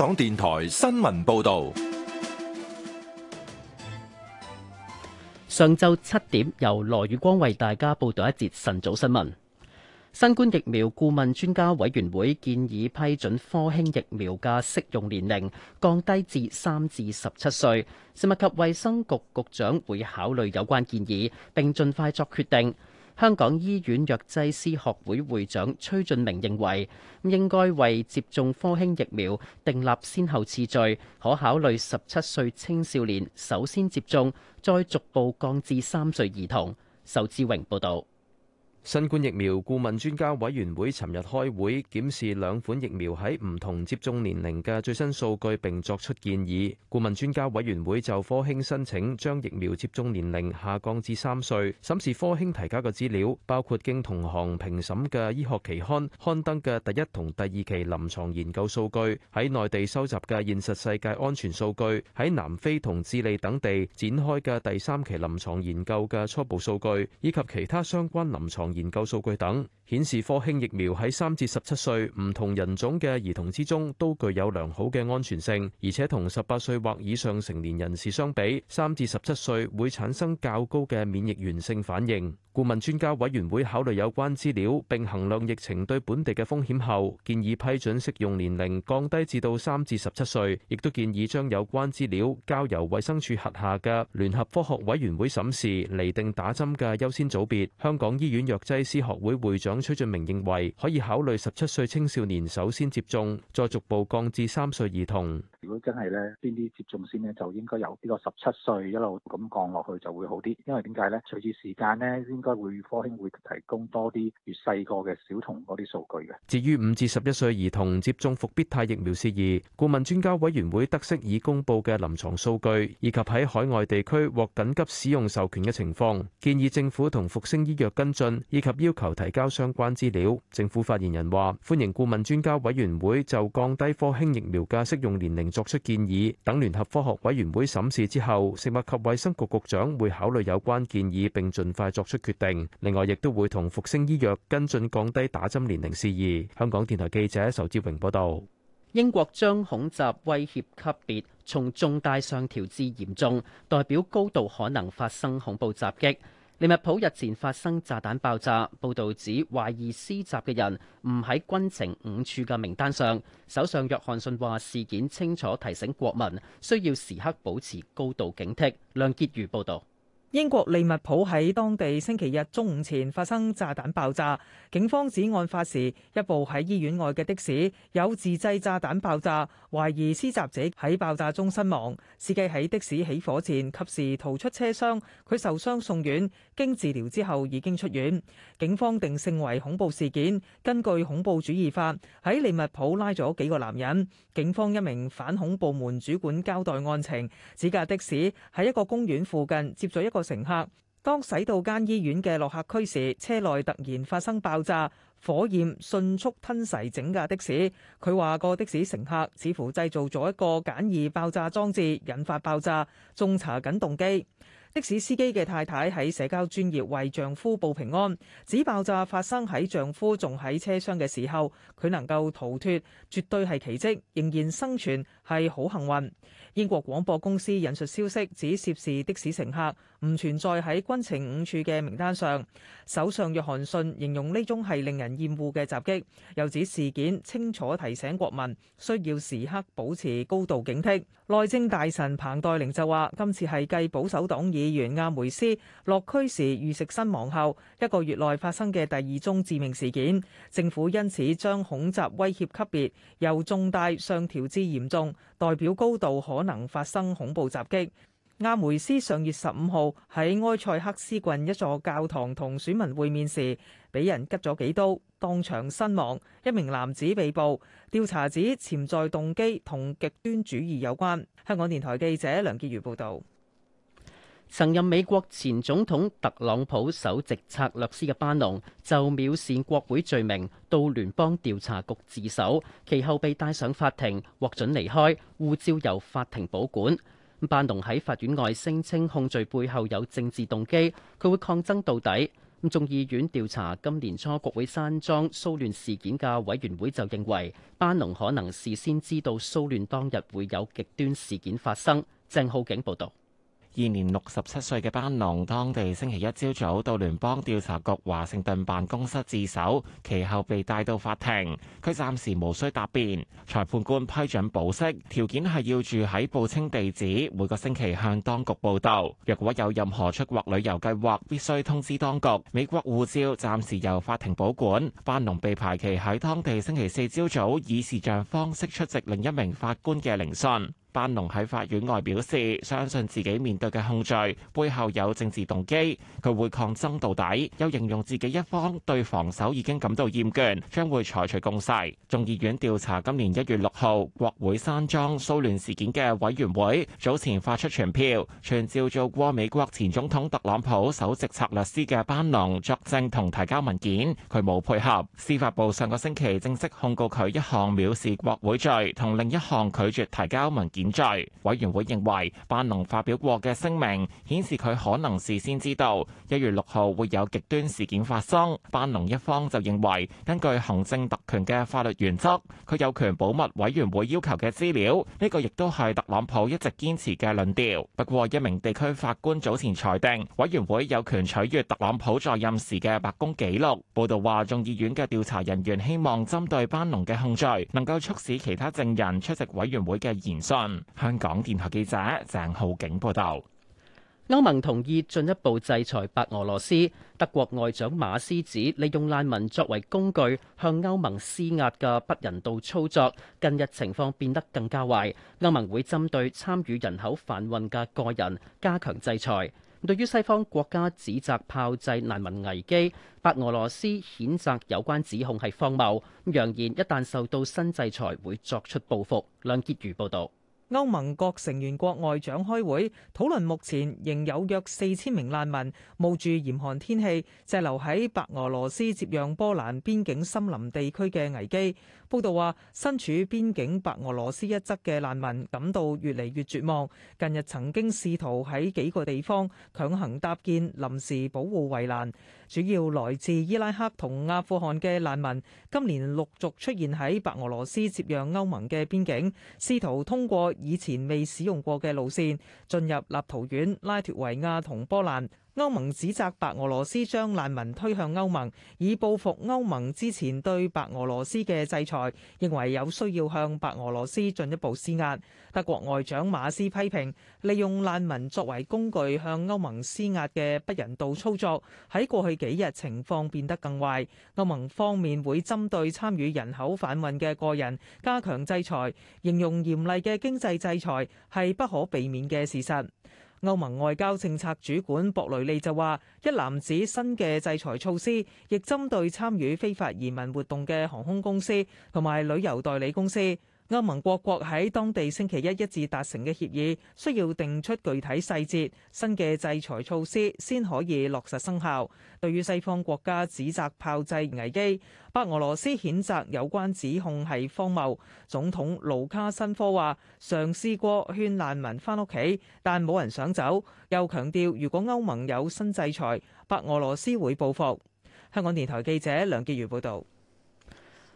港電台新聞報道，上晝七點由羅宇光為大家報道一節晨早新聞。新冠疫苗顧問專家委員會建議批准科興疫苗嘅適用年齡降低至三至十七歲。食物及衛生局局長會考慮有關建議，並盡快作決定。香港醫院藥劑師學會會長崔俊明認為，應該為接種科興疫苗訂立先後次序，可考慮十七歲青少年首先接種，再逐步降至三歲兒童。仇志榮報道。新冠疫苗顧問專家委員會尋日開會檢視兩款疫苗喺唔同接種年齡嘅最新數據，並作出建議。顧問專家委員會就科興申請將疫苗接種年齡下降至三歲，審視科興提交嘅資料，包括經同行評審嘅醫學期刊刊登嘅第一同第二期臨床研究數據，喺內地收集嘅現實世界安全數據，喺南非同智利等地展開嘅第三期臨床研究嘅初步數據，以及其他相關臨床。研究數據等。顯示科興疫苗喺三至十七歲唔同人種嘅兒童之中都具有良好嘅安全性，而且同十八歲或以上成年人士相比，三至十七歲會產生較高嘅免疫原性反應。顧問專家委員會考慮有關資料並衡量疫情對本地嘅風險後，建議批准適用年齡降低至到三至十七歲，亦都建議將有關資料交由衛生署轄下嘅聯合科學委員會審視，釐定打針嘅優先組別。香港醫院藥劑師學會會長。崔俊明認為可以考慮十七歲青少年首先接種，再逐步降至三歲兒童。如果真係咧，邊啲接種先咧，就應該由呢個十七歲一路咁降落去就會好啲。因為點解咧？隨住時間咧，應該會科興會提供多啲越細個嘅小童嗰啲數據嘅。至於五至十一歲兒童接種復必泰疫苗事宜，顧問專家委員會得悉已公布嘅臨床數據以及喺海外地區獲緊急使用授權嘅情況，建議政府同復星醫藥跟進，以及要求提交相。關資料，政府發言人話：歡迎顧問專家委員會就降低科興疫苗嘅適用年齡作出建議，等聯合科學委員會審視之後，食物及衛生局局長會考慮有關建議，並盡快作出決定。另外，亦都會同復星醫藥跟進降低打針年齡事宜。香港電台記者仇志榮報道。英國將恐襲威脅級別從重大上調至嚴重，代表高度可能發生恐怖襲擊。利物浦日前發生炸彈爆炸，報道指懷疑施襲嘅人唔喺軍情五處嘅名單上。首相約翰遜話：事件清楚提醒國民需要時刻保持高度警惕。梁潔如報導。英國利物浦喺當地星期日中午前發生炸彈爆炸，警方指案發時一部喺醫院外嘅的，的士有自製炸彈爆炸，懷疑施襲者喺爆炸中身亡。司機喺的士起火前及時逃出車廂，佢受傷送院，經治療之後已經出院。警方定性為恐怖事件，根據恐怖主義法喺利物浦拉咗幾個男人。警方一名反恐部門主管交代案情，指架的士喺一個公園附近接咗一個。乘客當駛到間醫院嘅落客區時，車內突然發生爆炸，火焰迅速吞噬整架的士。佢話個的士乘客似乎製造咗一個簡易爆炸裝置，引發爆炸，仲查緊動機。的士司機嘅太太喺社交專業為丈夫報平安，指爆炸發生喺丈夫仲喺車廂嘅時候，佢能夠逃脫，絕對係奇蹟，仍然生存，係好幸運。英國廣播公司引述消息，指涉事的士乘客唔存在喺軍情五處嘅名單上。首相約翰遜形容呢宗係令人厭惡嘅襲擊，又指事件清楚提醒國民需要時刻保持高度警惕。內政大臣彭黛玲就話：今次係繼保守黨議員亞梅斯落區時遇襲身亡後一個月內發生嘅第二宗致命事件。政府因此將恐襲威脅級別由重大上調至嚴重，代表高度可。可能發生恐怖襲擊。阿梅斯上月十五號喺埃塞克斯郡一座教堂同選民會面時，俾人吉咗幾刀，當場身亡。一名男子被捕，調查指潛在動機同極端主義有關。香港電台記者梁潔如報道。曾任美國前總統特朗普首席策略師嘅班農，就藐視國會罪名到聯邦調查局自首，其後被帶上法庭，獲准離開，護照由法庭保管。班農喺法院外聲稱控罪背後有政治動機，佢會抗爭到底。咁眾議院調查今年初國會山莊騷亂事件嘅委員會就認為，班農可能事先知道騷亂當日會有極端事件發生。鄭浩景報導。現年六十七歲嘅班農，當地星期一朝早到聯邦調查局華盛頓辦公室自首，其後被帶到法庭。佢暫時無需答辯。裁判官批准保釋，條件係要住喺報稱地址，每個星期向當局報道。若果有任何出國旅遊計劃，必須通知當局。美國護照暫時由法庭保管。班農被排期喺當地星期四朝早以視像方式出席另一名法官嘅聆訊。班農喺法院外表示，相信自己面對嘅控罪背後有政治動機，佢會抗爭到底。又形容自己一方對防守已經感到厭倦，將會採取攻勢。眾議院調查今年一月六號國會山莊騷亂事件嘅委員會早前發出傳票，傳召做過美國前總統特朗普首席策略師嘅班農作證同提交文件，佢冇配合。司法部上個星期正式控告佢一項藐視國會罪同另一項拒絕提交文件。嫌罪，委員會認為班農發表過嘅聲明顯示佢可能事先知道一月六號會有極端事件發生。班農一方就認為，根據行政特權嘅法律原則，佢有權保密委員會要求嘅資料。呢個亦都係特朗普一直堅持嘅論調。不過，一名地區法官早前裁定，委員會有權取閱特朗普在任時嘅白宮紀錄。報道話眾議院嘅調查人員希望針對班農嘅控罪能夠促使其他證人出席委員會嘅言訊。香港電台記者鄭浩景報道，歐盟同意進一步制裁白俄羅斯。德國外長馬斯指，利用難民作為工具向歐盟施壓嘅不人道操作，近日情況變得更加壞。歐盟會針對參與人口販運嘅個人加強制裁。對於西方國家指責炮製難民危機，白俄羅斯譴責有關指控係荒謬，揚言一旦受到新制裁會作出報復。梁潔如報道。歐盟各成員國外長開會討論，討論目前仍有約四千名難民冒住嚴寒天氣，滯留喺白俄羅斯接壤波蘭邊境森林地區嘅危機。報道話，身處邊境白俄羅斯一側嘅難民感到越嚟越絕望。近日曾經試圖喺幾個地方強行搭建臨時保護圍欄，主要來自伊拉克同阿富汗嘅難民，今年陸續出現喺白俄羅斯接壤歐盟嘅邊境，試圖通過以前未使用過嘅路線進入立陶宛、拉脱維亞同波蘭。歐盟指責白俄羅斯將難民推向歐盟，以報復歐盟之前對白俄羅斯嘅制裁，認為有需要向白俄羅斯進一步施壓。德國外長馬斯批評利用難民作為工具向歐盟施壓嘅不人道操作，喺過去幾日情況變得更壞。歐盟方面會針對參與人口販運嘅個人加強制裁，形容嚴厲嘅經濟制裁係不可避免嘅事實。歐盟外交政策主管博雷利就話：一籃子新嘅制裁措施，亦針對參與非法移民活動嘅航空公司同埋旅遊代理公司。歐盟國國喺當地星期一一致達成嘅協議，需要定出具體細節，新嘅制裁措施先可以落實生效。對於西方國家指責炮製危機，白俄羅斯譴責有關指控係荒謬。總統盧卡申科話：嘗試過勸難民翻屋企，但冇人想走。又強調，如果歐盟有新制裁，白俄羅斯會報復。香港電台記者梁潔如報道。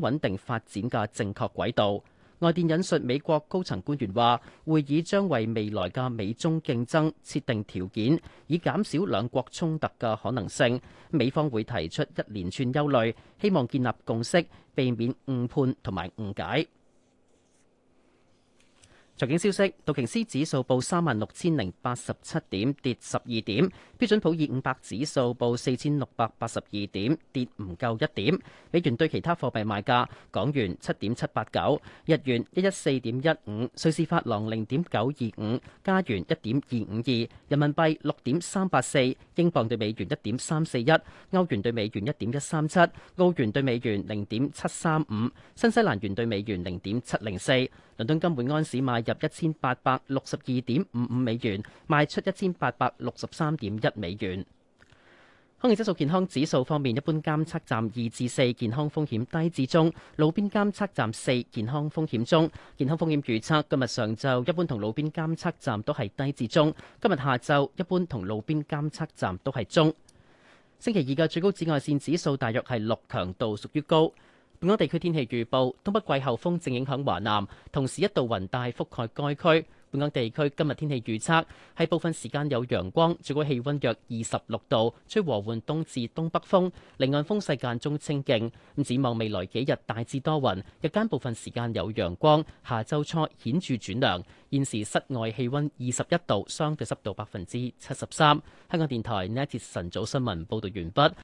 穩定發展嘅正確軌道。外電引述美國高層官員話，會議將為未來嘅美中競爭設定條件，以減少兩國衝突嘅可能性。美方會提出一連串憂慮，希望建立共識，避免誤判同埋誤解。財經消息：道瓊斯指數報三萬六千零八十七點，跌十二點；標準普爾五百指數報四千六百八十二點，跌唔夠一點。美元對其他貨幣賣價：港元七點七八九，日元一一四點一五，瑞士法郎零點九二五，加元一點二五二，人民幣六點三八四，英鎊對美元一點三四一，歐元對美元一點一三七，澳元對美元零點七三五，新西蘭元對美元零點七零四。倫敦金每安士買入一千八百六十二點五五美元，賣出一千八百六十三點一美元。空氣質素健康指數方面，一般監測站二至四，健康風險低至中；路邊監測站四，健康風險中。健康風險預測今日上晝一般同路邊監測站都係低至中，今日下晝一般同路邊監測站都係中。星期二嘅最高紫外線指數大約係六，強度屬於高。本港地區天氣預報：東北季候風正影響華南，同時一道雲帶覆蓋該區。本港地區今日天氣預測係部分時間有陽光，最高氣温約二十六度，吹和緩東至東北風。離岸風勢間中清勁。咁展望未來幾日，大致多雲，日間部分時間有陽光，下週初顯著轉涼。現時室外氣温二十一度，相對濕度百分之七十三。香港電台呢節晨早新聞報道完畢。